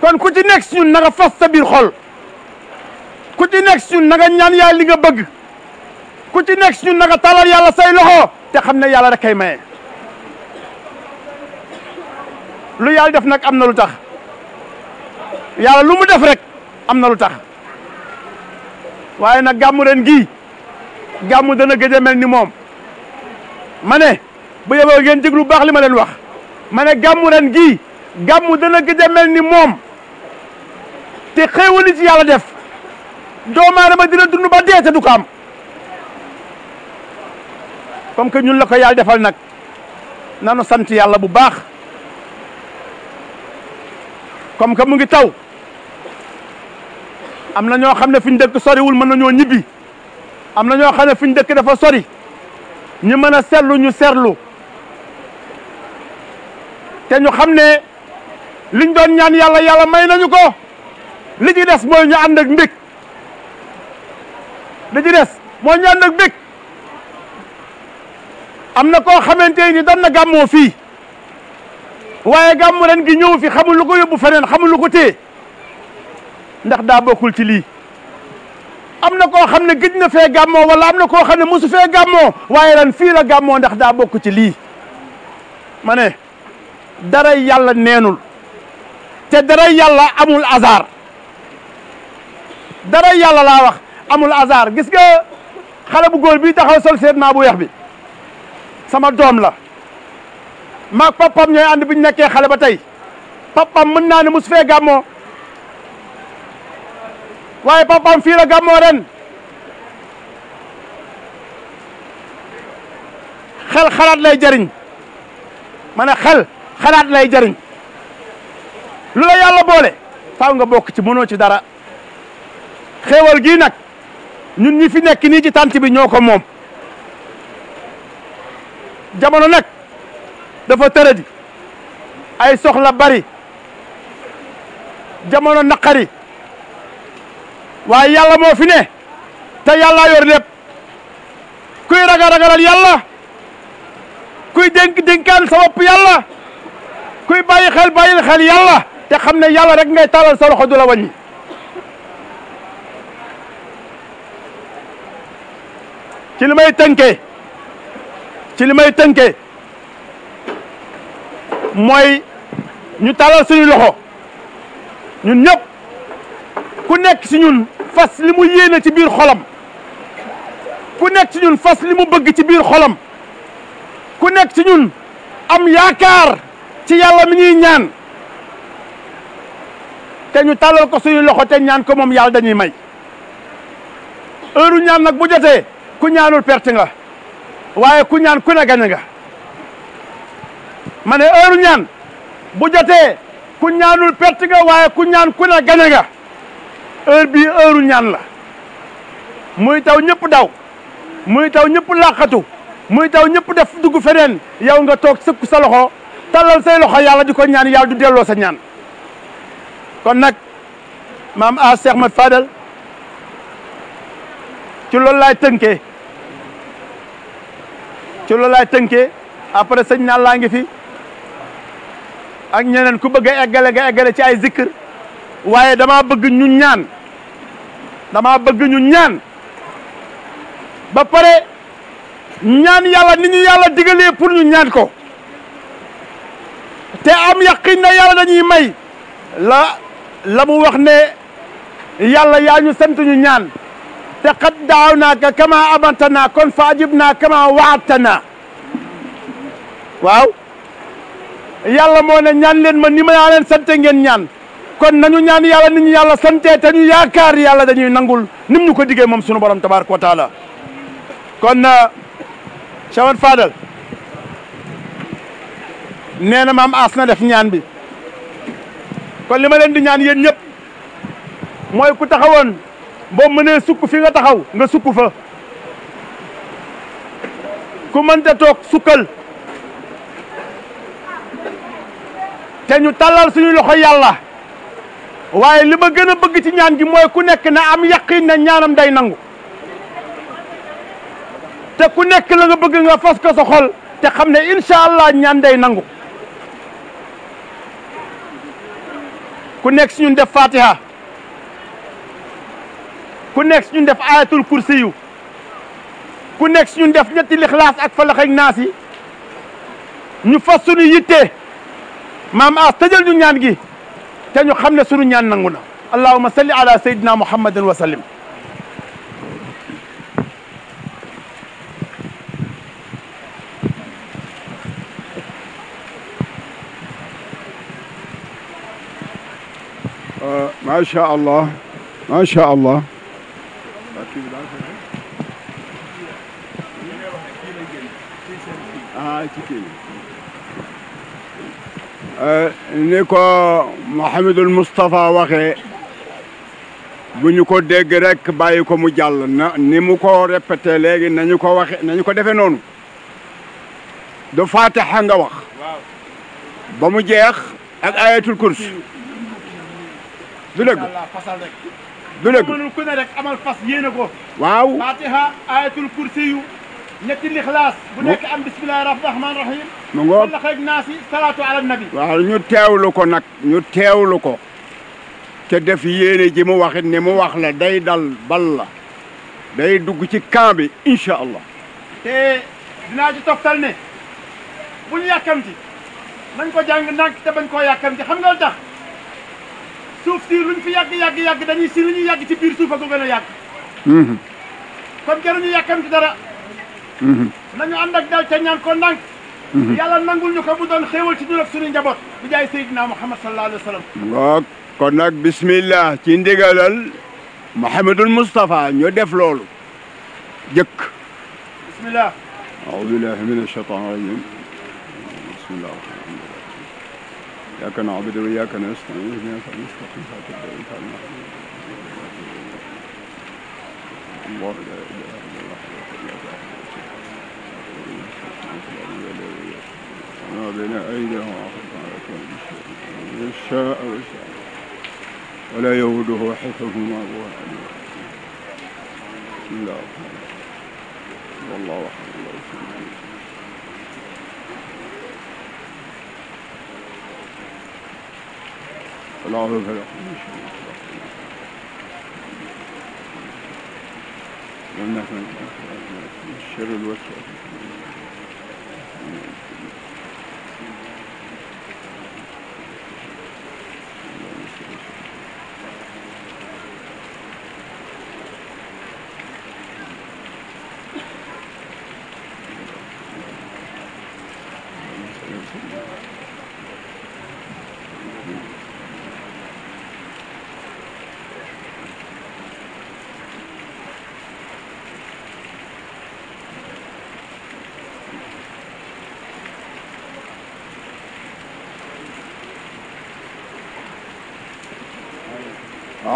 kon ku ci nekk si ñun na nga fas sa biir xol ku ci nekk si ñun na ñaan yàlla li nga bëgg ku ci nekk si ñun na nga yàlla say loxo te xam ne yàlla rek kay maye. lu yàlla def nag am na lu tax yàlla lu mu def rek am na lu tax waaye nag gàmmu ren gii gàmmu dana gëj a mel ni moom ma ne bu yeboo ngeen lu baax li ma leen wax ma ne gàmmu ren gii gàmmu dana gëj a mel ni moom te xéewali ci yàlla def doomu aadama dina dund ba dee te du ko am comme que ñun la ko yàlla defal nag nanu sant yàlla bu baax comme que mu ngi taw am na ñoo xam ne fi ñu dëkk soriwul mën nañoo ñibbi am na ñoo xam ne fi ñu dëkk dafa sori ñu mën a seetlu ñu seetlu te ñu xam ne liñ doon ñaan yàlla yàlla may nañu ko li ci des mooy ñu ànd ak mbég da ci des moo ñaan nag am na koo xamante ni dan na gàmmoo fii waaye gàmmu ren gi ñëw fi xamul lu ko yóbbu feneen xamul lu ko téye ndax daa bokkul ci lii am na koo xam ne gëj na fee gàmmoo wala am na koo xam ne mosu fee gàmmoo waaye ren fii la gàmmoo ndax daa bokk ci lii ma ne dara yàlla neenul te dara yàlla amul hasard dara yàlla laa amul hasard gis nga xale bu góor bi taxaw sol seet naa bu weex bi sama doom la maag papam ñooy ànd bi ñu nekkee xale ba tey papam mën naa ne mus fee gàmmoo waaye papam fii la gàmmoo ren xel xalaat lay jariñ ma ne xel lay jariñ lu la yàlla boole faaw nga bokk ci mënoo ci dara xéewal gii nag ñun ñi fi nekk nii ci tànt bi ñoo ko moom jamono nag dafa tëradi ay soxla bari jamono naqari waaye yàlla moo fi ne te yàlla yor lépp kuy ragal ragalal yàlla kuy dénk dénkaan sa bopp yàlla kuy bàyyi xel bàyyil xel yàlla te xam ne yàlla rek ngay taalal sa loxo du ci li may tënke ci li may tënkee mooy ñu talal suñu loxo ñun ñëpp ku nekk si ñun fas li mu yéene ci biir xolam ku nekk si ñun fas li mu bëgg ci biir xolam ku nekk si ñun am yaakaar ci yàlla mi ñuy ñaan te ñu talal ko suñu loxo te ñaan ko moom yàlla dañuy may heure ñaan nag bu jotee. ku ñaanul perte nga waaye ku ñaan ku ne gañ nga ma ne heure ñaan bu jotee ku ñaanul perte nga waaye ku ñaan ku ne gañ nga heure bii heure ñaan la muy taw ñëpp daw muy taw ñëpp làqatu muy taw ñëpp def dugg feneen yow nga toog sëkku sa loxo tallal say loxo yàlla di ko ñaan yàlla du delloo sa ñaan kon nag maam a Cheikh Mat Fadal ci loolu laay tënkee ci loolu laay tënkee après sëñ naa laa ngi fi ak ñeneen ku bëgg a eggale nga eggale ci ay zikr waaye dama bëgg ñu ñaan dama bëgg ñu ñaan ba pare ñaan yàlla ni ñu yàlla digalee pour ñu ñaan ko te am yaqin na yàlla dañuy may la la mu wax ne yàlla yaa ñu sant ñu ñaan te qad daawnaka kama abantana kon fa ajibna kama waadtana waaw yàlla moo ne ñaan leen ma ni ma leen sante ngeen ñaan kon nañu ñaan yàlla ni ñu yàlla sante te yaakaar yàlla dañuy nangul nim ñu ko diggee moom sunu borom tabaraka wa kon euh, Cheikh Fadal nee na maam aas def ñaan bi kon li di ñaan yéen ñëpp mooy ku taxawoon boo mënee sukk fi nga taxaw nga sukk fa ku mënta toog sukkal te ñu tàllal suñu loxo yàlla waaye li ma gën a bëgg ci ñaan gi mooy ku nekk na am yaqin na ñaanam day nangu te ku nekk la nga bëgg nga fas ko sa te xam ne incha allah ñaan day nangu ku nekk si ñun def fatiha ku nekk si ñun def ayatul kursi yu ku nekk si ñun def ñetti lixlaas ak falax ak naas yi ñu fas suñu yitte maam as tëjal ñu ñaan gi te ñu xam ne suñu ñaan nangu na allahuma salli ala sayyidina muhammadin wa sallim uh, macha allah macha allah kii bi daal ni ko Mouhamadul Moustapha waxee bu ñu ko dégg rekk bàyyi ko mu jàll na ni mu ko répété léegi nañu ko waxe ko defee noonu du fatiha nga wax ba mu jeex ak ayatul kursi du dëgg du dëgg mënul ku ne rek amal fas yéene ko. waaw Fatiha ayatul kursiyu ñetti lixlaas. bu nekk am bismillahi rahmaani rahim. mu ngoog wala naasi salaatu ala nabi. waaw ñu teewlu ko nag ñu teewlu ko. te def yéene ji mu waxit ne mu wax la day dal bal la day dugg ci camp bi incha allah. te dinaa ci toftal ne bu ñu yàkkamti nañ ko jàng ndànk te bañ koo yàkkamti xam nga tax. suuf si luñ fi yàgg yàgg yàgg dañuy si lu yàgg ci biir suuf a ko gën a yàgg. Mhm. kon jarul ñu yàkkamti dara. Mhm. nañu ànd ak dal ca ñaan ko ndànk. Mhm. yàlla nangul ñu ko bu doon xéewal ci ñun ak suñu njaboot. bi jaay Seydina Muhammad sallallahu alayhi wa sallam. waaw kon nag bismillah ci ndigalal Mouhamadul Moustapha ñu def loolu. jëkk. إياك نعبد وإياك نستعين اهدنا صراط المستقيم صراط الذين أنعمت عليهم الله لا إله إلا الله وما بين أيديهم وعقبهم الشاء والشاء ولا يهوده حفظهما وهو بسم الله الرحمن الرحيم والله أحد Allahu Ekber. Cennet mektubu. Şerül vesvese.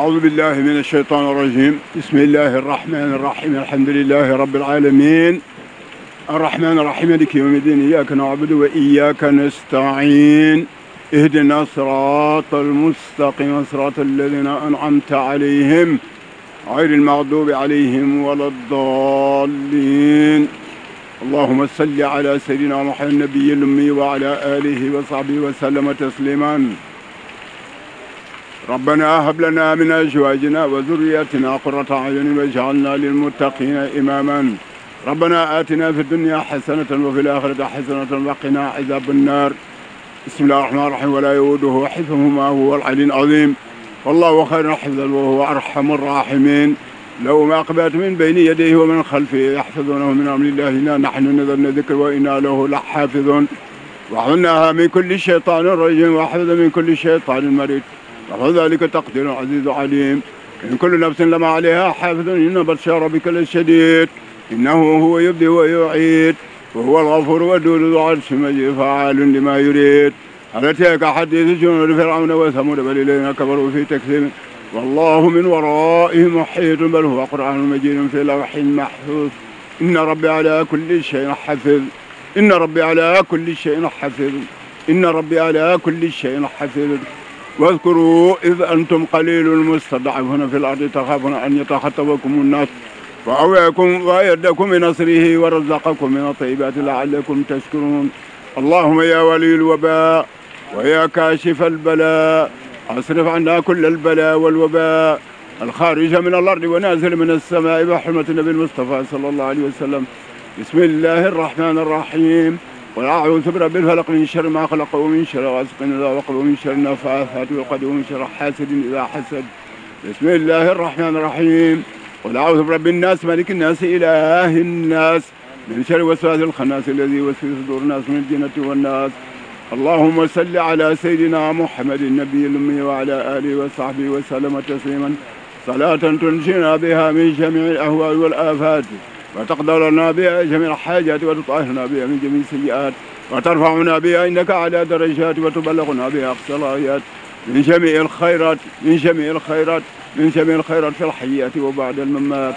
أعوذ بالله من الشيطان الرجيم بسم الله الرحمن الرحيم الحمد لله رب العالمين الرحمن الرحيم مالك يوم الدين إياك نعبد وإياك نستعين اهدنا صراط المستقيم صراط الذين أنعمت عليهم غير المغضوب عليهم ولا الضالين اللهم صل على سيدنا محمد النبي الأمي وعلى آله وصحبه وسلم تسليما ربنا هب لنا من أزواجنا وذرياتنا قرة أعين واجعلنا للمتقين إماما ربنا آتنا في الدنيا حسنة وفي الآخرة حسنة وقنا عذاب النار بسم الله الرحمن الرحيم ولا يؤوده حفظهما هو العلي العظيم والله خير حفظا وهو أرحم الراحمين لو ما أقبلت من بين يديه ومن خلفه يحفظونه من أمر الله إنا نحن نذرنا الذكر وإنا له لحافظون وحفظناها من كل شيطان رجيم وحفظ من كل شيطان مريد وكفى ذلك تقدير عزيز عليم إن كل نفس لما عليها حافظ إن بطش ربك لشديد إنه هو يبدي ويعيد وهو الغفور ودود ذو عرش مجيد فعال لما يريد هل أتاك حديث جنود فرعون وثمود بل الذين كفروا في تكذيب والله من ورائهم محيط بل هو قرآن مجيد في لوح محفوظ إن ربي على كل شيء حفظ إن ربي على كل شيء حفظ إن ربي على كل شيء حفظ واذكروا إذ أنتم قليل مستضعفون في الأرض تخافون أن يتخطفكم الناس فأوعكم وأيدكم بنصره ورزقكم من الطيبات لعلكم تشكرون اللهم يا ولي الوباء ويا كاشف البلاء أصرف عنا كل البلاء والوباء الخارج من الأرض ونازل من السماء بحرمة النبي المصطفى صلى الله عليه وسلم بسم الله الرحمن الرحيم قل أعوذ برب الفلق من شر ما خلق ومن شر غاسق إذا وقب ومن شر النفاثات والقدر ومن شر حاسد إذا حسد بسم الله الرحمن الرحيم قل أعوذ برب الناس ملك الناس إله الناس من شر وسواس الخناس الذي يوسوس صدور الناس من الجنة والناس اللهم صل على سيدنا محمد النبي الأمي وعلى آله وصحبه وسلم تسليما صلاة تنجينا بها من جميع الأهوال والآفات وتقدرنا بها جميع الحاجات وتطهرنا بها من جميع السيئات وترفعنا بها عندك على درجات وتبلغنا بها أقصى الغايات من جميع الخيرات من جميع الخيرات من جميع الخيرات في الحياة وبعد الممات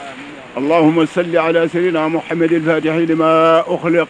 اللهم صل على سيدنا محمد الفاتح لما أخلق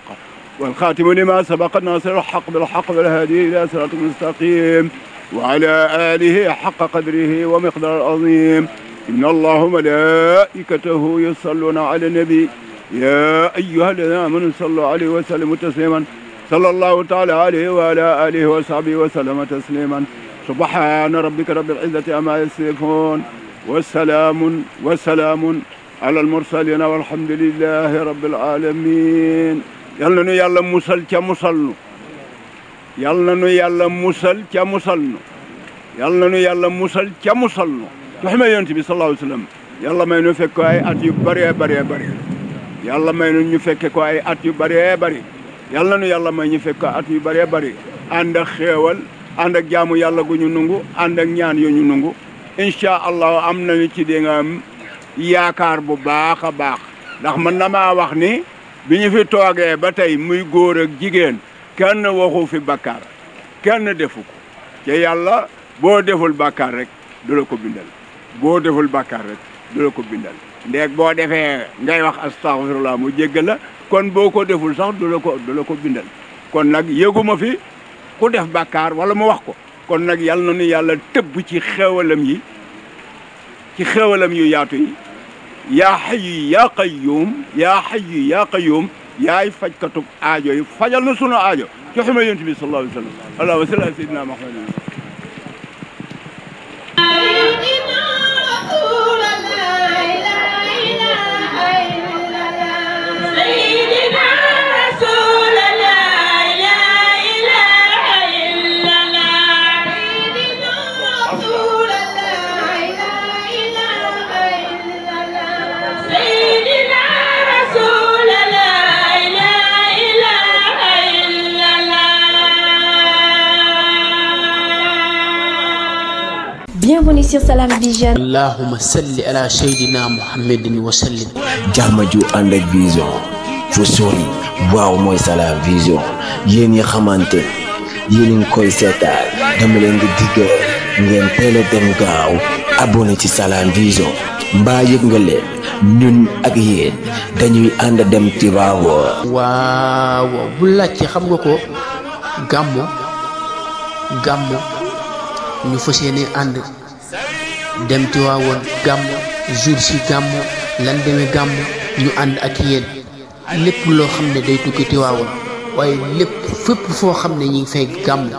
والخاتم لما سبق الناصر الحق بالحق والهادي إلى صراط مستقيم وعلى آله حق قدره ومقدار عظيم إن الله وملائكته يصلون على النبي يا أيها الذين آمنوا صلوا عليه وسلموا تسليما صلى الله تعالى عليه وعلى آله وصحبه وسلم تسليما سبحان ربك رب العزة عما يصفون والسلام والسلام على المرسلين والحمد لله رب العالمين yàlla na nu yàlla musal ca musal nu yàlla na nu yàlla musal ca musal nu yàlla na nu yàlla musal ca musal nu xima yonent bi sallallahu alayhi wa sallam yàlla may nu fekk ko ay at yu bëree bëree bëri yàlla may nu ñu fekke ko ay at yu bëree bëri yàlla nu yàlla may ñu fekk ko at yu bëree bëri ànd ak xéewal ànd ak gu ñu nungu ànd ak ñaan yu ñu nungu incha allah am nañu ci di yaakaar bu baax a baax ndax man damaa wax ni bi ñu fi toogee ba tey muy góor ak jigéen kenn waxu fi bàkkaar kenn defu ko te yàlla boo deful bàkkaar rek du la ko bindal boo deful bàkkaar rek du la ko bindal ndeeg boo defee ngay wax astaghfirullah mu jéggal kon boo ko deful sax du la ko du la ko bindal kon nag yëguma fi ku def bàkkaar wala mo wax ko kon nag yal na nu yàlla tëbb ci xewalam yi ci xewalam yu yaatu yi yaa xayu yaa qayyum yaa xayu yaa qayyum yaay fajkatub aajo yi fajal na sunu aajo joxe ma yonent bi sallallahu alayhi wa sallam allahumma salli ala sayyidina ci Salam Vision. allahumma salli ala sayyidina muhammadin ju ànd ak vision fu sori waaw mooy Salam Vision yéen xamante yéen koy seetaan dama leen di diggal ngeen teel a dem gaaw abonné ci Salam Vision mbaa yëg nga leen ñun ak yéen dañuy ànd dem Tivaouane. waaw bu laajte xam nga ko gàmmu gàmmu ñu fas yéene ànd. dem Tiwaawoon gàmm jour si gàmm lan demee gàmm ñu ànd ak yéen lépp loo xam ne day tukki Tiwaawoon waaye lépp fépp foo xam ne ñi ngi fay gàmm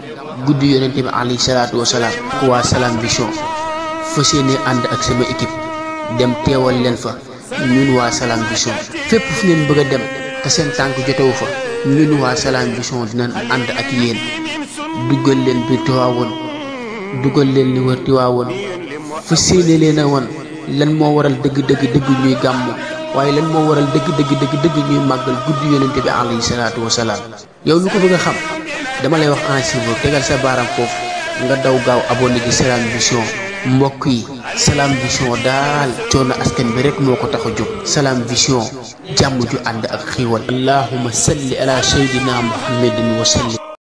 guddi yonent bi alayhi salaatu wasalaam ak waa Salam Vision fas yéene ànd ak sama équipe dem teewal leen fa ñun waa Salam Vision fépp fu leen bëgg a dem te seen tànk jotewu fa ñun waa Salam Vision dinañ ànd ak yéen duggal leen biir Tiwaawoon duggal leen li wër Tiwaawoon fa séenee leen a wan lan moo waral dëgg dëgg dëgg ñuy gàmmu waaye lan moo waral dëgg dëgg dëgg dëgg ñuy màggal guddi yonente bi alayhi salaatu wasalaam yow lu ko bëgg a xam dama lay wax en suivant tegal sa baaram foofu nga daw gaaw abonné ci Salam Vision mbokk yi Salam Vision daal coono askan bi rek moo ko tax a jóg Salam Vision jàmm ju ànd ak xiiwal allahuma salli ala sayyidina muhammadin wa sallim